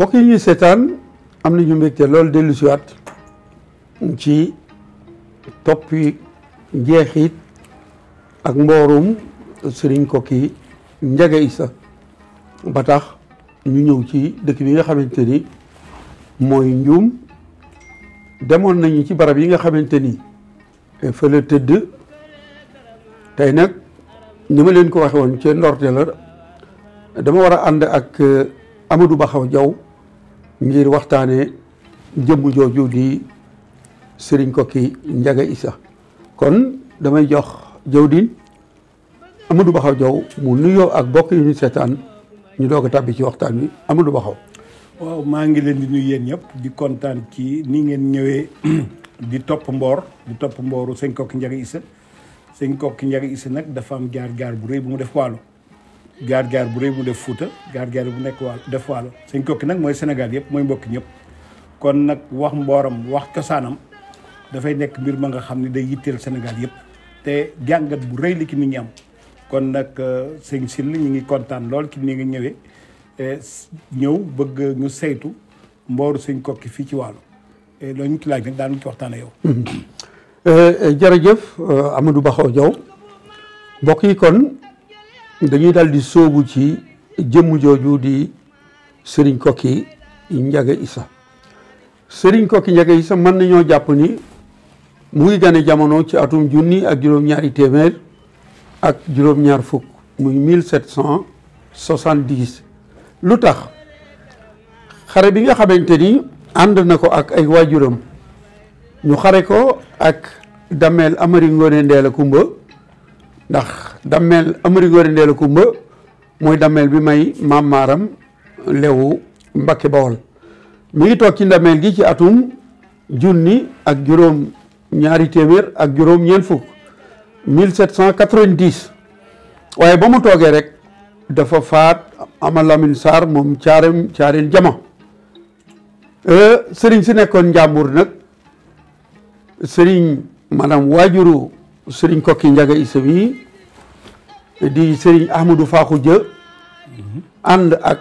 mbokk yi ñuy seetaan am nañu mbégte loolu dellu siwaat ci toppi njeexit ak mboorum sëriñ Koki Njaga isa ba tax ñu ñëw ci dëkk bi nga xamante ni mooy njuum demoon nañu ci barab yi nga xamante ni fa la tëdd tey nag ni ma leen ko waxe woon ci ndorte la dama war a ak Amadou Baxaw Jaw ngir waxtane jëm joju di sëriñ kokki njaga isa kon damay jox jawdin amadou baxaw jaw mu nuyo ak bokk yu ñu sétane ñu doga tabbi ci waxtan wi amadou baxaw waaw ma ngi leen di nuyu yeen ñep di contane ci ni ngeen ñëwé di top mbor di topp mbooru sëñ njaga isa sëñ kokki njaga isa nak dafa am jaar-jaar bu reuy bu mu def walu gaar gaar bu rëy mu def Fuuta gaar gaar bu nekk waal def waalo sëñ Kokki nag mooy Sénégal yëpp mooy mbokki ñëpp kon nag wax mbooram wax cosaanam dafay nekk mbir ma nga xam ne day yitteel Sénégal yëpp te jàngat bu rëy li ki nit ñi am kon nag euh, sëñ Sil ñu ngi kontaan lool ki ni nga ñëwee euh, ñëw bëgg ñu saytu mbooru sëñ Kokki fii ci waalo euh, loolu ñu ci laaj nag daanu ci waxtaan yow. jërëjëf Amadou Bakhaw Diaw mbokk yi kon dañuy dal di sóobu ci jëmm jooju di sëriñ kokki njaga isa sëriñ kokki njaga isa mën nañoo jàpp ni mu ngi gane jamono ci atum junni ak juróom-ñaari téeméer ak juróom-ñaar fukk muy 1770 lu tax xare bi nga xamante ni ànd na ko ak ay waajuram ñu xare ko ak dameel amari ngoone ndeel a kumba ndax dammeel amari góor ndeela kumba muy damel bi may maam maaram lewu Mbacke Bawol mi ngi toog ci ndameel gi ci atum junni ak juróom ñaari téeméer ak juróom ñeent fukk 1790 waaye ba mu toogee rek dafa faat ama Lamine Sarr moom caarem caareen jama sëriñ si nekkoon njàmbur nag sëriñ maanaam waajuru sëriñ kokki njaga isa bi di sëriñ ahmadou faaxu jë ànd ak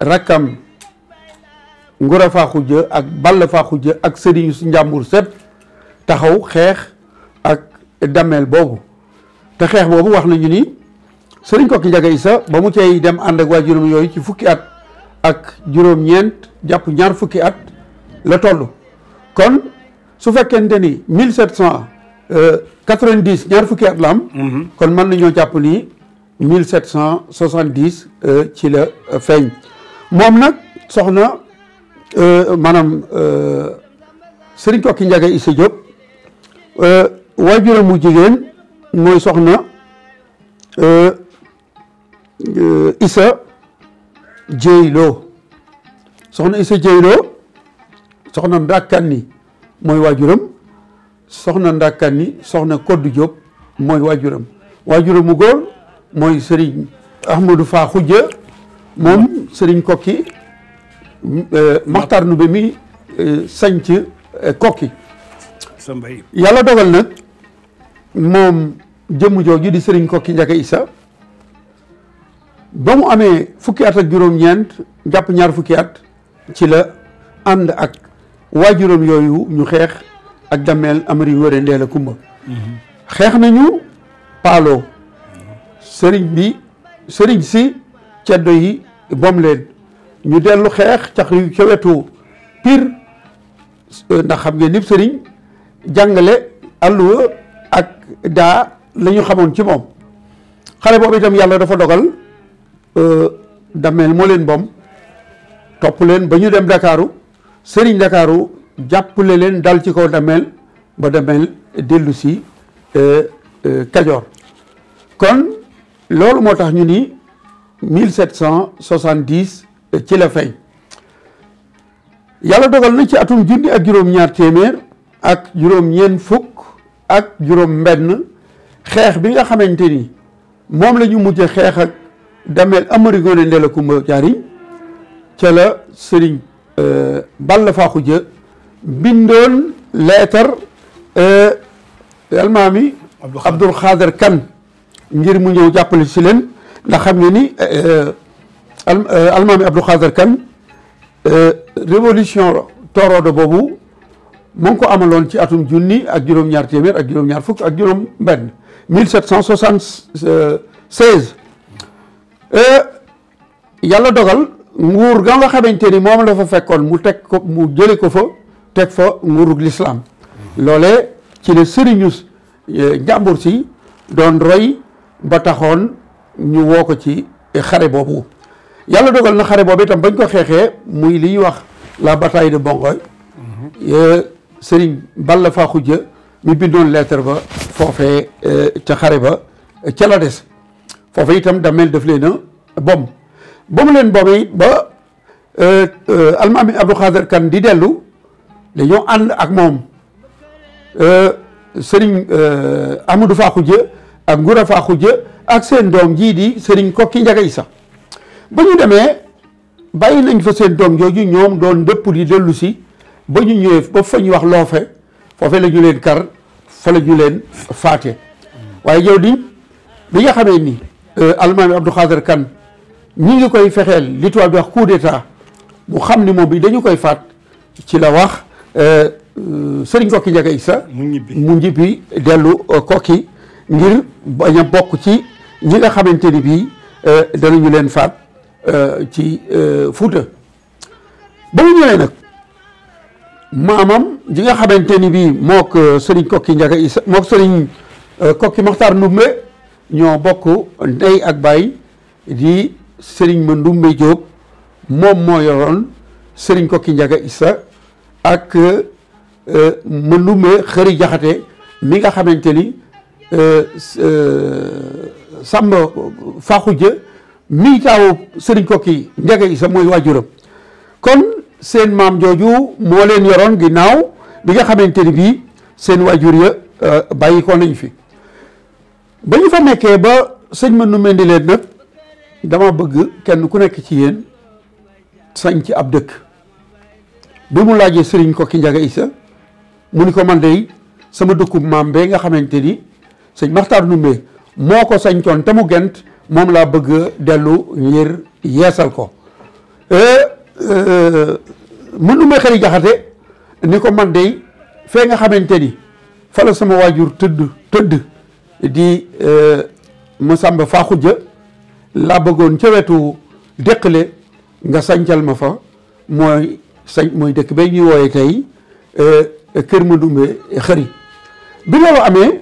rakkam ngura faaxu jë ak ball faaxu jë ak sëriñ njàmbur set taxaw xeex ak dameel boobu te xeex boobu wax nañu ni sëriñ kokki njaga isa ba mu cay dem ànd ak waa juróom yooyu ci fukki at ak juróom-ñeent jàpp ñaar fukki at la toll kon su fekkente ni mille 90 euh, ñaar fukki at la am. Mhm. kon mën nañoo jàpp ni 1770 euh, ci la euh, feeñ. moom nag soxna maanaam Serigne Kokki Ndiaga Issa Diop waajuram mu jigéen mooy soxna Issa Dieylo soxna Issa Dieylo soxna ni mooy waajuram. soxna Ndakani soxna Koddu Diop mooy waajuram waajuram mu góor mooy Serigne Ahmadou Fa Khoudia moom sëriñ Kokki eh, Maxtaar ba mi eh, sañc eh, Kokki yàlla dogal nag moom jëmm jooju di sëriñ Kokki Njaga isa ba mu amee fukki at ak juróom-ñeent jàpp ñaar fukki at ci la ànd ak waajuram yooyu ñu xeex ak dameel amari wére ndeel a kumba xeex nañu paalo sëriñ bi sëriñ si ceddo yi bom leen ñu dellu xeex cax yu ca wetu pire ndax xam ngeen ni sëriñ jàngale àlluwa ak daa la ñu xamoon ci moom xale boobu itam yàlla dafa dogal euh, dameel moo leen bom topp leen ba ñu dem Ndakaaru sëriñ Ndakaaru jàppale leen dal ci kaw dameel ba dameel dellusi si euh, euh, Kajoor kon loolu moo tax ñu ni mille sept cent soixante-dix euh, ci la feeñ yàlla dogal na ci atum junni ak juróom-ñaar téeméer ak juróom-ñeent fukk ak juróom-benn xeex bi nga xamante ni moom la ñu mujj xeex ak dameel Amari Ngoone Ndella Kumba Jaariñ ca la sëriñ Balla Faaxu Jë bindoon leetar eh, almaami Abdul Xaadir Kan ngir mu ñëw jàppale si leen ndax xam ne ni eh, eh, almaami Abdul Xaadir Kan révolution Torodo boobu mu ngi ko amaloon ci atum junni ak juróom-ñaar téeméer ak juróom-ñaar fukk ak juróom benn yàlla dogal nguur ga nga xamante ni moom la fa fekkoon mu teg ko mu jële ko fa teg fa nguurug lislaam loole ci la sëriñu eh, njàmbur si doon roy ba taxoon ñu woo ko ci xare boobu yàlla dogal na xare boobu itam bañ ko xeexee muy li ñuy wax la bataille de Bongoy mhm. eh, sëriñ Balla Faxuja mi bindoon lettre ba foofee eh, ca xare ba ca la des foofe itam damel daf leen a bom ba mu leen bomee ba almaami Abdou Khader Kan di dellu dañoo ànd ak moom sëriñ Amadou Fakhoudja ak Ngoura Fakhoudja ak seen doom jii di sëriñ Kokki Njaga Isa ba ñu demee bàyyi nañ fa seen doom jooju ñoom doon dëpp di dellu si ba ñu ñëwee ba fa ñu wax loofe foofe la ñu leen kar fa la leen faate waaye yow di bi nga xamee ni euh, almaami Abdou Khader Kane ñu ngi koy fexeel li tubaab di wax coup d'état mu xam ni moom bi dañu koy faat ci la wax Euh, euh, sëriñ Kokki Ndiaga Issa mu ñibbi mu ñibbi dellu euh, Kokki ngir bañ bokk ci ñi nga xamante ni bii danañu leen faat ci Fuuta ba mu ñëwee nag maamam ji nga xamante ni bii mook sëriñ Kokki Ndiaga Issa mook sëriñ Kokki Moxtaar Ndumbe ñoo bokk ndey ak baay di sëriñ ma Ndumbe Jóob moom moo yoroon sëriñ Kokki Ndiaga Issa ak Mandumbe Xëri Jaxate mi nga xamante ni euh, euh, Samba Faxuja mi taaw Sëriñ Kokki Njege Isa mooy waajuram kon seen maam jooju moo leen yoroon ginnaaw bi nga xamante ni bii seen waajur ya euh, bàyyi ko nañ fi ba ñu fa nekkee ba sëñ Mandumbe di leen nag dama bëgg kenn ku nekk ci yéen sañ ci ab dëkk bi mu laajee sëriñ Kokki Njaga Isa mu ni ko man dey sama dëkkub maam bee nga xamante ni sëñ Maxtaar Ndumbe moo ko sañcoon te mu gent moom laa bëgg dellu ngir yeesal ko mu nu may xëri ni ko man dey fee nga xamante ni fa la sama waajur tëdd tëdd di eh, ma sàmba faa xujja laa bëggoon ca wetu déqale nga sañcal ma fa mooy sañ mooy dëkk bay ñuy wooyee tey euh, Kër Mandumbe xëri bi loolu amee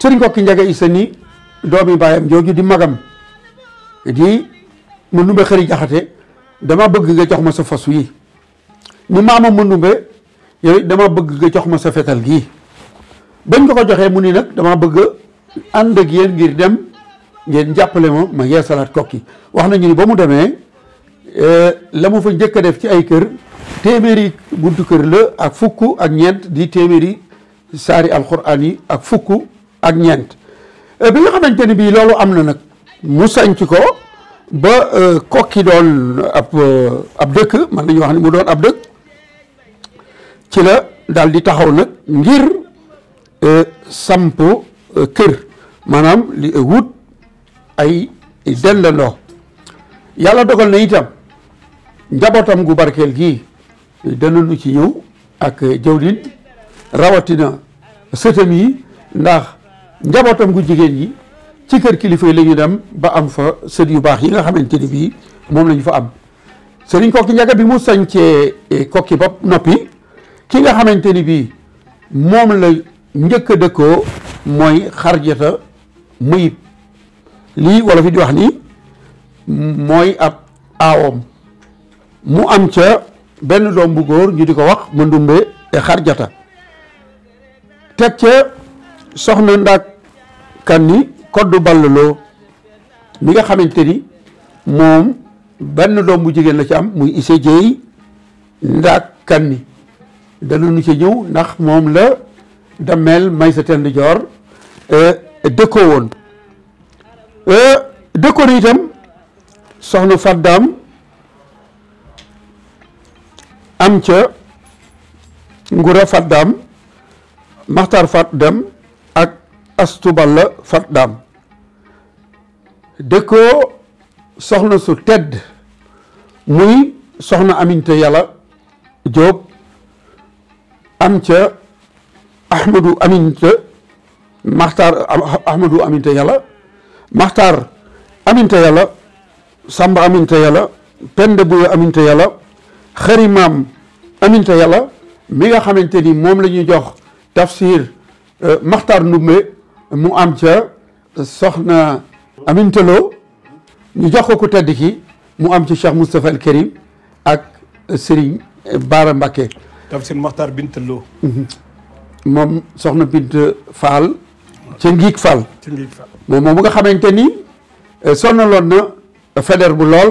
sëriñ Kokki Njaga Isa ni doomi baayam jooju di magam di Mandumbe xëri jaxate dama bëgg nga jox ma sa fas yi ni maama Mandumbe yooyu dama bëgg nga jox ma sa fetal gii bañ nga ko joxee mu ni nag dama bëgg ànd ak yéen ngir dem ngeen jàppale ma ma yeesalaat kokki wax nañu ni ba mu demee euh, la mu fa njëkk a def ci ay kër téeméeri buntu kër la ak fukk ak ñeent di téeméeri saari alxuraan yi ak fukk ak ñeent euh, bi nga xamante ni bii loolu am na nag mu sanc ko ba euh, kokki doon euh, ab dëkk mën nañu wax ni mu doon ab dëkk ci la daal di taxaw nag ngir samp kër maanaam li wut ay dellandoo yàlla dogal na itam njabootam gu barkeel gii danañu ci ñëw ak jawlin rawatina sëtam yi ndax njabootam gu jigéen yi ci kër kilifa yi la dem ba am fa sët yu baax yi nga xamante ni bii moom la fa am sëriñ kokki njaga bi mu sañcee eh, kokki ba noppi ki nga xamante ni bii moom la njëkk a dëkkoo mooy xarjata muyib lii wala fi di wax ni mooy ab aawom mu am ca benn doom bu góor ñu di ko wax ma ndumbe xarjata teg ca soxna ndak kanni ni koddu ballaloo mi nga xamante ni moom benn doom bu jigéen la ci am muy ise jeey ndak kan ni nu ci ñëw ndax moom la dameel may sa tend joor eh, dëkkoo woon eh, dëkkoo na itam soxna faddaam am ca Ngura Fat Daam Maxtaar Fat Dem ak Astuballa Fat Daam dëkkoo soxna su tedd muy soxna aminte yàlla Jóob am ca Ahmadu aminte Maxtaar Ahmadu aminte yàlla Maxtaar aminte yàlla Samba aminte yàlla Penda Buya aminte xëri maam aminta yàlla mi nga xamante ni moom la ñuy jox tafsir euh, maxtar ndumbe mu am ca euh, soxna aminta loo ñu jox ko ku tedd ki mu am ci Cheikh Moustapha El Karim ak euh, Serigne Bara Mbacké tafsir maxtar binta loo mhm. moom soxna bint Fall ca Ngiig Fall moom moom nga xamante ni sonaloon na feder bu lool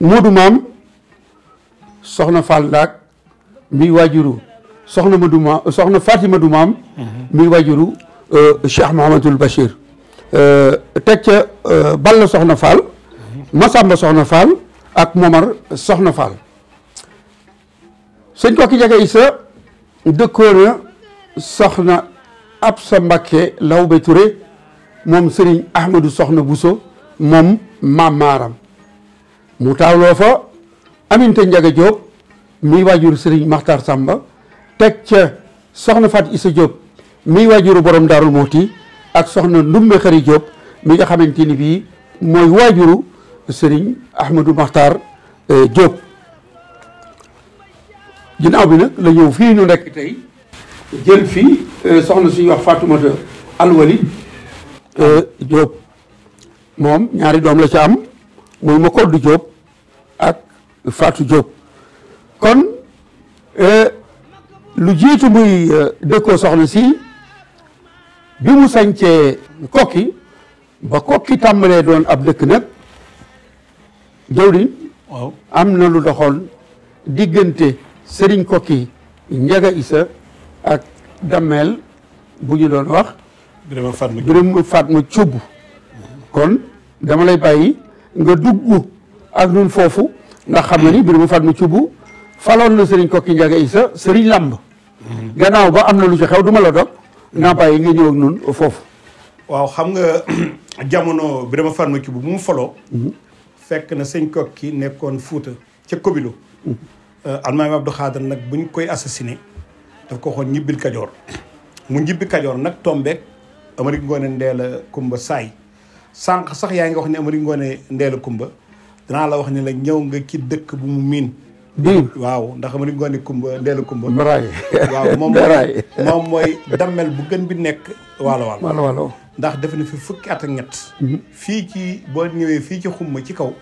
Moodu maam soxna Fall Ndaak mi waajuru soxna Madou euh, maam soxna Fatima Madou maam. mi waajuru euh, Cheikh Mouhamadul Bachir. Euh, teg ca Balla soxna Fall. Masamba soxna Fall ak Momar soxna Fall. sëñ Kokki Jaga Issa dëkkoona soxna Absa Mbakke Lawbe Touré moom Serigne Ahmadou soxna Bousso moom maam Maaram. mu taawloo fa aminte njaga Diop miy waajur Serigne Makhtar Samba teg ca soxna Fat Issa Diop miy waajuru borom daarul Mouti ak soxna Ndumbe Xari Diop mi nga xamante ni bii mooy waajuru Serigne Ahmadou Makhtar eh, Diop. ginnaaw bi nag la ñëw fii ñu nekk tey jël fii eh, soxna suñuy wax Fatoumata Alwali eh, Diop moom ñaari doom la ci am. muy Makoddu Diop ak Fatou Diop kon eh, lu jiitu muy eh, dëkkoo soxna si bi mu sañcee kokki ba kokki tàmbalee doon ab dëkk nag jawriñ am na lu doxoon diggante sëriñ kokki njaga isa ak dammeel bu ñu doon wax birëm Fatma cubb kon dama lay bàyyi nga dugg ak ñun foofu ndax xam nga ni mbir mu Fatma Thioub faloon na Serigne Kokki Ndiaga Issa Serigne Lamb gannaaw ba am na lu ci xew du ma la dog naa bàyyi nga ñëw ak ñun foofu waaw xam nga jamono bi dama Fatma Thioub bu mu faloo mhm. fekk na sëñ Kokki nekkoon Fuuta ca Kobilo mhm. euh, almaami Abdou Khadre nag buñ koy assassiné daf ko xoon ñibbil Kajoor mu ñibbi Kajoor nag tombeek Amari Ngoone Ndeela Kumba Saay sànq sax yaa ngi wax ne Amari Ngoone Ndeela Kumba danaa la wax ne la ñëw nga ci dëkk bu mu miin. waaw ndax Amari Ngoone Kumba Ndeela Kumba. Mbaraay waaw moom mooy moom mooy bu gën bi nekk. waalo waalo waalo waalo ndax def na fi fukki at ak ñett. Mhm. fii ci boo ñëwee fii ci ma ci kaw.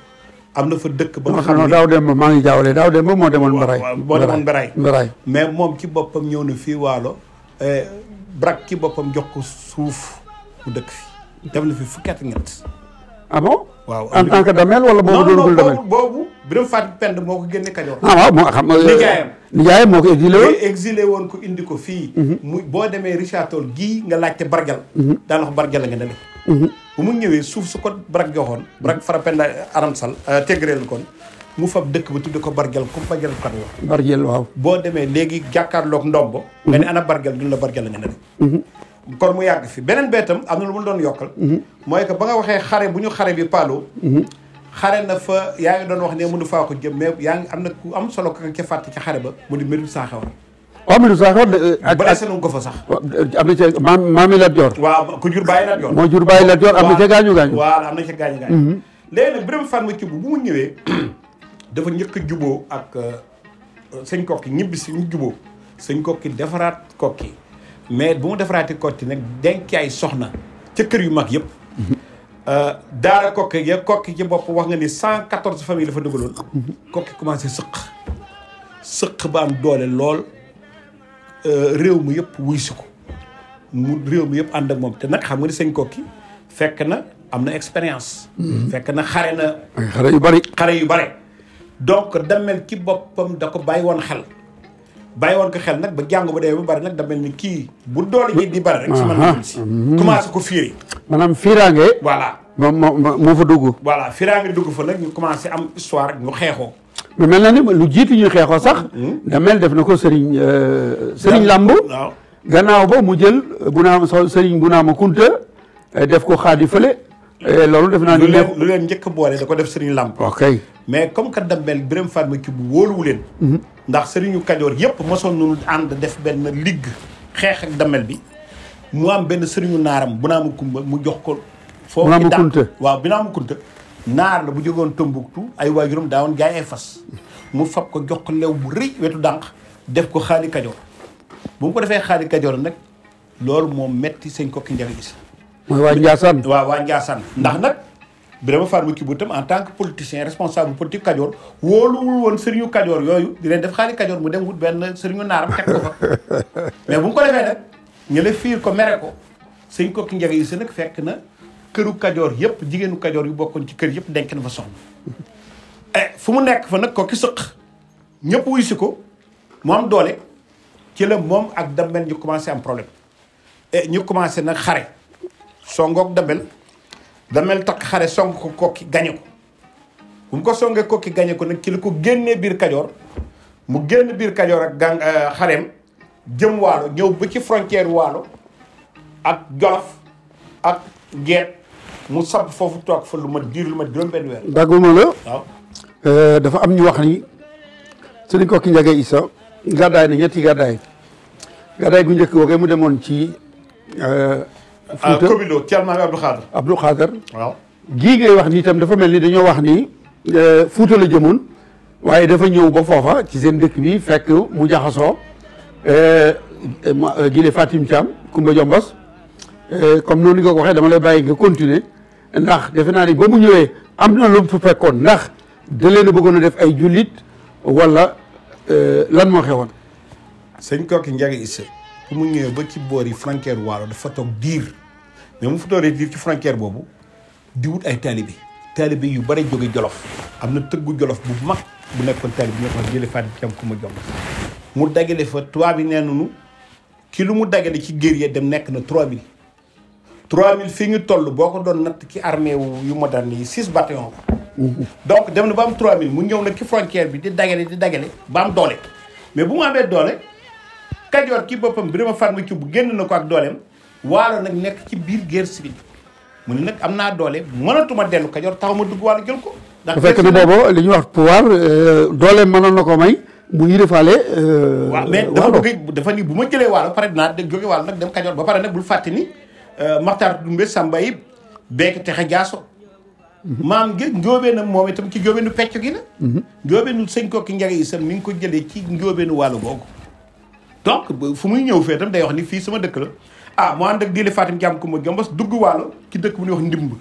am na fa dëkk ba nga xam ne daaw dem ba maa ngi jaawale daaw dem ba moo demoon Mbaraay. moo demoon Mbaraay Mbaraay. mais moom ci boppam ñëw na fii waalo. Eh, brak ci boppam jox ko suuf mu dëkk fi. def na fi fukki at ñett. ah bon waaw en tant que damel wala boobu doonagul damel non boobu Birame Fatou Penda moo ko génne Kajoor. ah waaw moo xam euh, nijaayam nijaayam moo ko exilé woon woon ko indi ko fii. Mhm. mu boo demee Richard Toll gii nga laajte Bargal. Mhm. daanaka Bargal la nga demee. Mhm. bu mu ñëwee suuf su ko Brak joxoon. Brak Fara Penda euh, Aram Sall euh, tegreel mu fab dëkk ba tudde ko bargel comme bargel Kajoor. bargel waaw. boo demee léegi jàkkaarloog ndombo. nga ne ana bargel duñ la bargel la nga ne. kon mu yàgg fi beneen bee tam am na lu mu doon yokkal. Mhm. mooy que ba nga waxee xare bu ñu xare bi Paalo. Mhm. xare na fa yaa ngi doon wax ne mënu faa ko jëm mais yaa ngi am na ku am solo ka nga ca fàtte ci xare ba mu di Medoune Sankhewar. waaw oh, Medoune Sankhewar. Euh, ak ba nañu ko fa sax. am na ca maam maami Lat Joor. waaw ku jur bàyyi Lat Joor. moo jur bàyyi Lat Joor am na ca gaañu gaañu. waaw am na ca gaañu gaañu. Mhm. léegi nag Birame Fatma Thioub bu mu ñëwee dafa njëkk juboo ak euh, sëñ kokki ñibbi si ñu juboo sëñ kokki defaraat kokki mais bu mu defaraati kokki nag denc ay soxna ca kër yu mag yëpp. Euh, daara kokki ya kokki ci bopp wax nga ni cent quatorze famille dafa dugaloon. kokki commencé sëq. sëq ba am doole lool euh, réew mi yëpp wuy si ko mu réew mi yëpp ànd ak moom te nag xam nga ni sëñ kokki fekk na am na expérience. Mm-hmm. fekk na xare na. xare yu bari xare yu bari. donc damel ci boppam da ko bàyyi woon xel. bàyyi woon ko xel nag ba jàng ba dee ba bari nag da mel ni kii bu doole ji di bari rek si mën na si hmm. commencé ko fiiri maanaam fiiraange moom moo moo fa dugg voilà fiiraange dugg fa nag ñu commencé am histoire ñu xeexoo mais mel na ni lu jiitu ñu xeexoo sax hmm. da mel def na ko sëriñ sëriñ làmb gannaaw boo mu jël bu naam sëriñ bu naama kunta euh, def ko xaadi fële euh, loolu def naa ni leen lu leen njëkk boole da ko def sëriñ làmb ok mais comme que Damel Birame Fatma ci bu leen hmm. ndax sëriñu kajoor yépp mosoon nañu ànd def benn ligg xeex ak damel bi mu am benn sëriñu naaram bu naa mu kumba mu jox ko foofu mu kunta waaw bi naa mu kunta naar la bu jógoon Tombouctou ay waajuram daawoon jaay ay fas mu fab ko jox ko lew bu rëy wetu dànq def ko xaali kajoor bu mu ko defee xaali kajoor nag loolu moom metti sëñ kokki njëriñ gis mooy waa Njaasaan waaw waa Njaasaan ndax nag Birama Fatou Mbacke bu tam en tant que politicien responsable politique Kajoor wóoluwul woon sëriñu Kajoor yooyu di def xaali Kajoor mu dem wut benn sëriñu naaram teg ko fa mais bu mu ko defee nag ñu le fiir ko mere ko sëñ ko ki njege yi sa nag fekk na këru Kajoor yëpp jigéenu Kajoor yu bokkoon ci kër yëpp denk na fa soxna eh, fu mu nekk fa nag ko ki sëq ñëpp wuy si ko mu am doole ci la moom ak Dambel ñu commencé am problème eh, ñu commencé nag xare songoog Dambel damel takk xare song ko kokki gañe ko bu mu ko songee kokki gañe ko nag ci li ko génnee biir kajoor mu génn biir kajoor ak gang euh, xareem jëm waalo ñëw bu ci frontière waalo ak jolof ak geet mu sab foofu toog fa lu ma diir lu ma juróom-benn weer euh, dafa am ñu wax ni sëriñ kokki njage isa gàddaay na ñetti gàddaay gàddaay gu njëkk woogee mu demoon ci euh, Fouta Abdou Khader. Abdou Khader. waaw ngay wax ni tam dafa melni dañu wax ni Fouta la jëmoon waye dafa ñëw ba fofa ci seen dëkk bi fekk mu jaxasoo Gile Fatim cham Kumba Jombos comme noonu nga ko waxee dama lay bàyyi nga continuer ndax defe ni ba mu ñëwee am na lu mu fa ndax da leen def ay wala lan sëñ mu ba ci boori frontière dafa mais mu fa dooree diir ci frontière boobu di wut ay taalibe taalibe yu bari jóge jolof am na tëggu jolof bu mag bu nekkoon ñoo xam ma mu dagale fa 3000 3000 fii ñu toll boo ko doon natt armée yu moderne 6 bataillon donc dem mu frontière bi di di mais bu mu amee doole kajoor ki bi waalo nag nekk ci biir guerre civile mu ne nag am naa doole mënatuma dellu Kajoor taxaw ma dugg waalo jël ko. ndax bu fekk ni boobu li ñuy wax pouvoir euh, doole mënoon na ko may. bu yirifaale. Euh, waaw mais dafa bëgg dafa ni bu ma jëlee waalo pare dinaa de jóge dem Kajoor ba pare nag bul fàtte ni euh, Maxtaar Dumbe Samba yi beek texe jaaso. maam gi njóobeen na moom itam ci njóobeenu pecc gi la. Mhm. njóobeenu sëñ ko ki njëriñ itam mi ngi ko jëlee ci njóobeenu waalo googu. donc fu muy ñëw fee itam day wax ni fii sama dëkk la. ah mu ànd ak diile Fatim Jaam ku ma jombos dugg waalo ci dëkk bu ñuy wax ndimb bu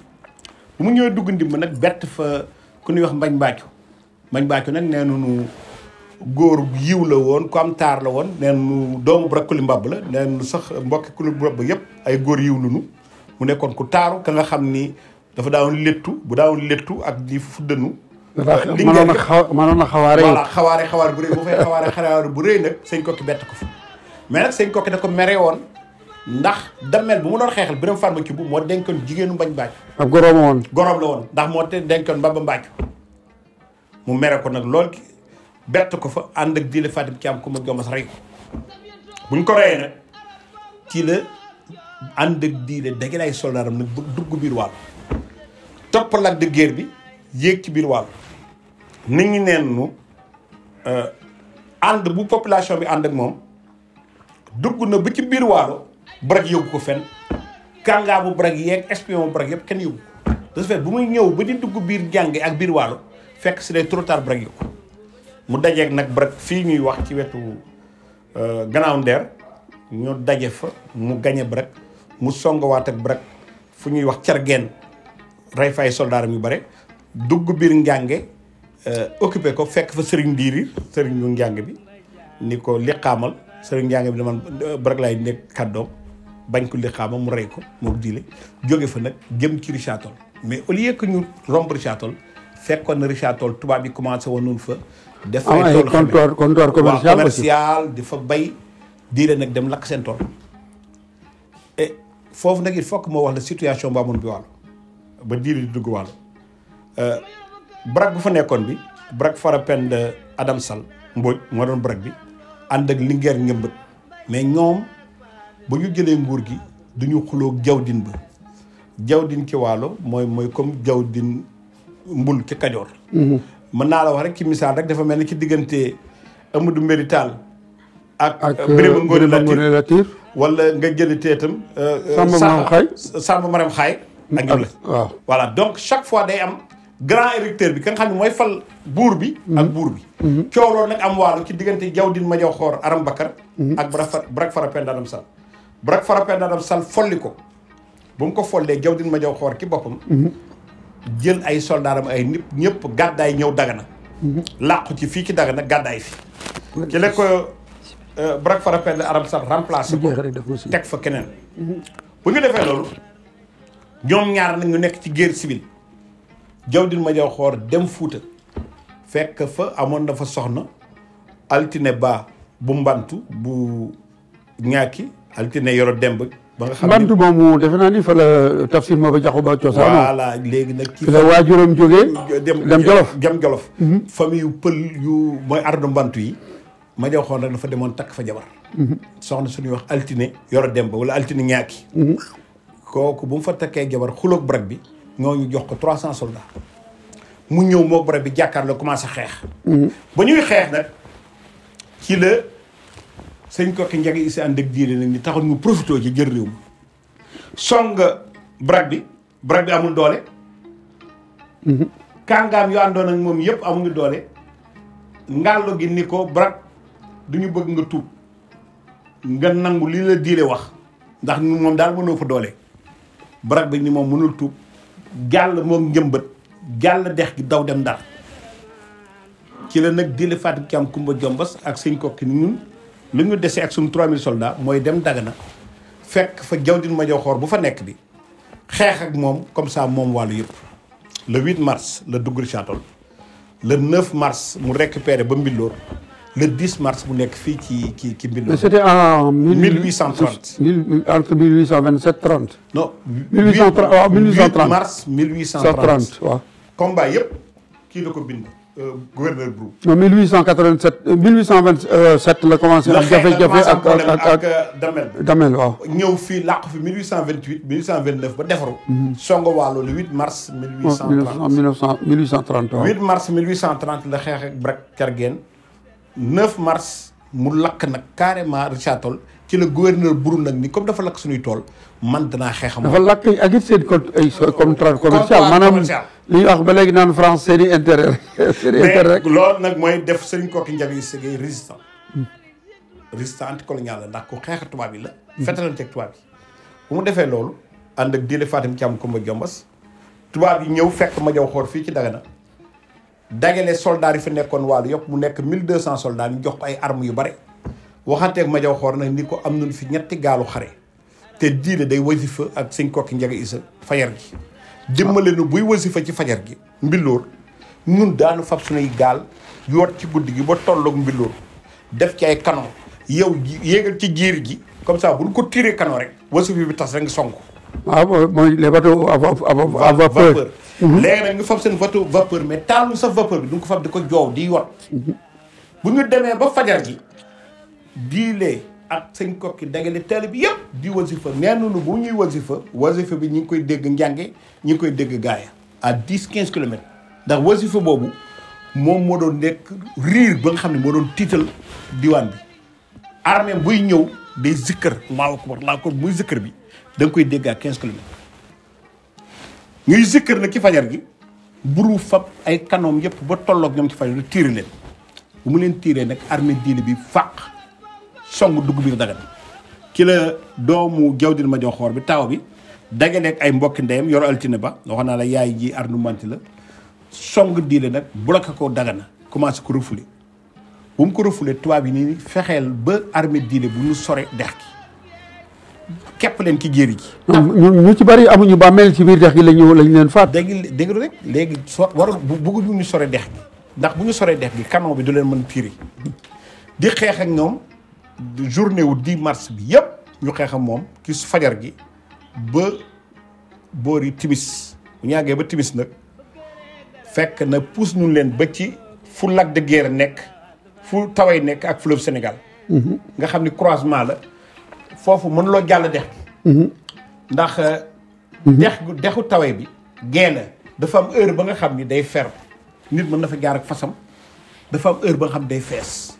mu ñëwee dugg ndimb nag bett fa ku nuy wax mbañ mbàccu mbañ mbàccu nag nee nu góor yiw la woon ku am taar la woon nee doomu bu rakkuli mbabb la nee nu sax mbokki kuli mbabb yëpp ay góor yiw lunu mu nekkoon ku taaru ka nga xam ni dafa daawoon léttu bu daawoon léttu ak di fuddanu li mënoon a xaw mënoon a xawaare voilà xawaare xawaare bu rëy bu sëñ kokki bett ko fa mais nag sëñ kokki da ko woon ndax damel bu mu doon xeexal Birame Farba Thioub moo denkoon jigéenu Mbañ Bàcc ak goroom woon la woon ndax moo te denkoon Mbaba Mbàcc mu mere ko nag lool bett ko fa ànd ak diile Fatim Thiam ku ma jomas rey ko buñ ko reyee nag ci la ànd ak diile dagg lay soldaaram nag dugg biir wàll topp Lac de bi yéeg ci biir wàll nit ñi neenu euh, ànd bu population bi ànd ak moom dugg na bu ci biir waalo brag yobbu ko fen kanga bu brag yek espion brag yëpp ken yobbu da de fait bu muy ñew ba di dugg bir jang ak bir walu fekk ci lay trop tard brag yóbbu mu dajeeg nak brag fi ñuy wax ci wetu euh, gannaaw ndeer ñu daje fa mu gañe brag mu songo wat ak brag fu ñuy wax cargeen ray fay soldaaram mi bare dugg bir biir euh occupé ko fekk fa serigne diri serigne bu njàng bi niko liqamal serigne sëriñ bi dama brag lay nek kaddo bañ ku ko liqaama mu rey ko moo diile jóge fa nag jëm ci Richard Toll mais au lieu que ñu romb Richard Toll fekkoon na Richard Toll tubaab yi commencé woon fa. def ay ah, tool comptoir comptoir commercial commercial di fa bay diile nag dem lakk seen tool. et foofu nag il faut que moo wax la situation bu bi wàll ba diile di euh, bu fa nekkoon bi brak Farapend Adam Sall Mbodj moo doon brak bi ànd ak Linguère Ngëmbët mais ñoom. ba ñu jëlee nguur gi duñu xuloo jawdin ba jawdin ci waalo mooy mooy comme jawdin mbul ci kajoor mhm. mën naa la wax rek ci misaal rek dafa mel ni ki diggante Amadou Mbéri Tall ak euh, euh, Birima Ngóone Latir wala nga jëli teetam euh, Samba Maram Xaay Samba Xaay ak ñoom la ah, waaw voilà donc chaque fois day am grand électeur bi ka xam mooy fal buur bi mhm. ak buur bi mhm. coow loolu nag am waalo ci diggante jawdin ma jow xoor aram bakar ak brak fara pendaanam sal bu rek frappé sal folli ko bu mu ko follee jaw din ma jaw xoor ki boppam jël ay soldaaram ay nit ñëpp gàddaay ñëw dagana làqu ci fii ci dagana gàddaay fi ci la ko brak frappé na aram sal remplacé ko teg fa keneen bu ñu defee loolu ñoom ñaar nañu nekk ci guerre civile jawdin din ma xoor dem fuuta fekk fa amoon dafa soxna altine ba bu mbantu bu ñaaki altine yoro demb ba nga xam ne Mbantu defe naa ni fa la tafsir ma ba jaxu ba cosaano voilà léegi nag ci la waajuram jógee dem jolof dem jolof mhm. famille yu pël yu mooy ardu mbant yi ma joxoon rek dafa demoon takk fa jabar mhm. soxna suñuy wax altine yoro demb wala altine ñaaki mhm. kooku bu mu fa takkee jabar xuloog brag bi ñoo ñu jox ko trois cent soldats mu ñëw moo brag bi jàkkaar la commencé xeex ba ñuy xeex na ci la sëñ ko Ndiaga Issa isi ak diine nag ni taxul mu profito ci jël rew song brak bi brak bi amul doole mhm. ando yu àndoon ak moom yëpp amuñu doole ngallo gi niko ko brak duñu bëgg nga tup nga nangul li la diine wax ndax mom dal mëno fa doole brak bi ni mom mënul tup jàll moom njëmbët jàll dex gi daw dem ndar ci la nak diile Fatou Kiam Kumba Jombas ak sëñ Kokki ni lu ñu dese ak suñu 3000 soldats mooy dem Dagana fekk fa jawdin ma joxoor bu fa nekk bi xeex ak moom comme ça moom wàllu yëpp le 8 mars le dugg richard le 9 mars mu récupéré ba Mbilor le 10 mars mu nekk fii ci ci ci Mbilor. c'était en. 1830 1827 30. non 1830 waaw 1830 8 mars 1830. 1830 combat yëpp kii la ko bind. Euh, gouverneur Brou. 1887 1827 euh, la convention de jafe euh, ak Damel. Damel 1828 1829 ba defaru. Mhm. songo le 8 mars. 1830 1830 8 mars 1830 le chef ak Brak 9 mars mu carrément Richard ci la gouverneur buru nag ni comme dafa lakk suñuy tool man danaa xeexam. dafa lakk ak it seen code ay contrat commercial maanaam li wax ba léegi naan France seen i intérêt. seen i intérêt rek loolu nag mooy def Serigne Koki Ndiaye Ségué résistant. Hmm. résistant anticolonial la ndax ku xeex tubaab yi la. Hmm. fetalanteeg tubaab yi. bu mu defee loolu ànd ak Dile Fatim Thiam Koumba Jombas tubaab yi ñëw fekk ma jaw xoor fii ci Dagana. dagale soldats yi fi nekkoon wàllu yëpp mu nekk 1200 soldats ñu jox ko ay yu bare. waxanteeg ma jaw xoor nag ni ko am nañu fi ñetti gaalu xare te diine day wasifa ak sëñ kokki njaga isa fajar gi dimbale nu buy wasifa ci fajar gi mbillóor ñun daanu fab suñuy gaal yoot ci guddi gi ba tolloog mbillóor def ci ay canon yow yéegal ci jiir gi comme ça buñ ko tiré canon rek wasif bi tas rek nga sonk waaw ah, mooy les bateaux à vapeur mhm. léegi nag nga fab seen bateau vapeur mais taalu sa vapeur bi du nga ko fab di ko joow di yot mhm. bu ñu demee ba fajar gi diile ak sëñ kokki dagale teel bi yëpp di wasifa nee nañu bu ñuy wasifa wasifa bi ñu ngi koy dégg njànge ñu ngi koy dégg gaaya à dix quinze kilomètres ndax wasifa boobu moom moo doon nekk riir ba nga xam ne moo doon tiital diwaan bi armée buy ñëw day zikkër allahu akbar allahu ko muy zikkër bi da koy dégg à quinze kilomètres ñuy zikkër nag ci fajar gi buru fab ay kanoom yëpp ba tollook ñoom ci fajar lu tiiri leen bu mu leen tiiree nag armée diine bi fàq song dugg biir Dagana ki la doomu jawdin ma jox xoor bi taaw bi Dagana ay mbokki ndeyam yor altine ba wax naa la yaay ji arnu manti la song diile nag bloqué ko Dagana commencé ko refoulé bu mu ko refoulé tubaab yi nii fexeel ba armée diile bu ñu sore dex gi képp leen ki jéeri ji. ñu ci bari amuñu bàmmeel ci biir dex gi la ñu lañ leen faat. dégg dégg rek léegi so waru bëgguñu ñu sore dex gi ndax bu ñu soree dex gi canon bi du leen mën piri di xeex ak ñoom journée wu di mars bi yëpp ñu xeex ak moom ci fajar gi ba boori timis bu ñaagee ba timis nag fekk na puus ñu leen ba ci fu lac de Guiers nekk fu taway nekk ak fleuve Sénégal. Mhm. nga xam ni croisement la foofu mën loo jàll dex mhm. ndax euh, mhm. dex gu dexu taway bi génn dafa am heure ba nga xam ni day fer nit mën na fa jaar ak fasam dafa am heure ba nga xam day fees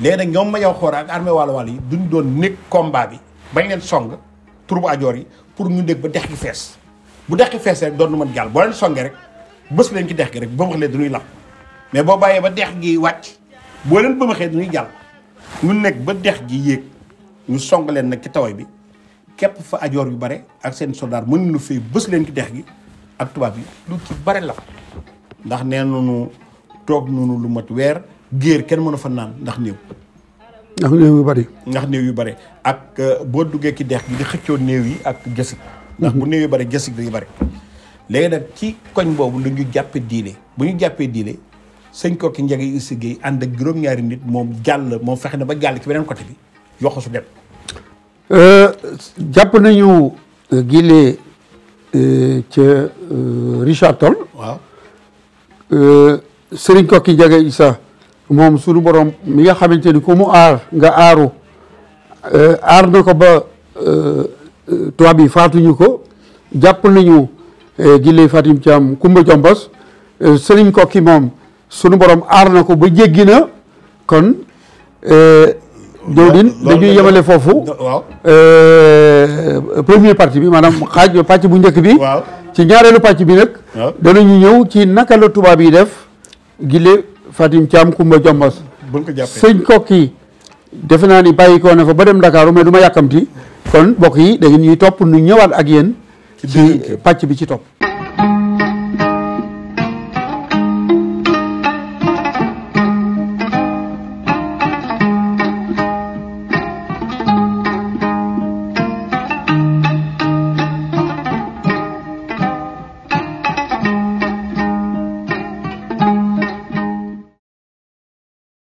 léegi nag ñoom ma yow xoor ak armée wàllu wàll yi duñ doon nekk kombaa bi bañ leen song turbu ajoor yi pour ñu nekk ba dex gi fees bu dex gi fees rek doon nu man jàll boo leen rek bës leen ci dex rek ba wax leen duñuy mais boo bàyyee ba dex gi wàcc boo leen bëmaxee duñuy jàll ñu nekk ba dex gi yéeg ñu song leen nag ci taway bi képp fa ajoor yu bare ak seen soldaar mën nañu fay bës leen ki dex gi ak tubaab yi lu ci bare la ndax nee nañu toog nañu lu mat weer géer kenn mënu fa naan ndax néew. ndax néew yu bari. ndax néew yu bari ak euh, boo duggee ci dex gi di xëccoo néew yi ak gësig. ndax bu mhm. néew yu bari gësig dañu bari. léegi nag ci koñ boobu lu ñu jàppee diine bu ñu jàppee diile sëñ kooki njëg yi ànd ak juróom nit moom jàll moom fexe na ba jàll ci beneen côté bi yoxu su dem. Euh, nañu euh, Guilé ca Richard Toll. waaw sëriñ kooki njëg Issa. moom sunu borom mi nga xamante ni ku aar nga aaru eh, aar na ko ba eh, tubaab yi faatuñu ko jàpp nañu eh, giley fatim Thiam Kumba Jombos ko kokki moom sunu borom aar na ko ba jéggi na kon jawdin dañuy yemale foofu premier partie bi maanaam xaaj pàcc bu njëkk bi ci ñaareelu pàcc bi nag danañu ñëw ci naka la tubaab yi def gile Fatim Thiam Kumba Jombos sëñ kokki defe naa ni bàyyi koo na fa ba dem Dakar mais du yàkkamti kon mbokk yi da ngeen topp nu ñëwaat ak yéen ci pàcc bi ci topp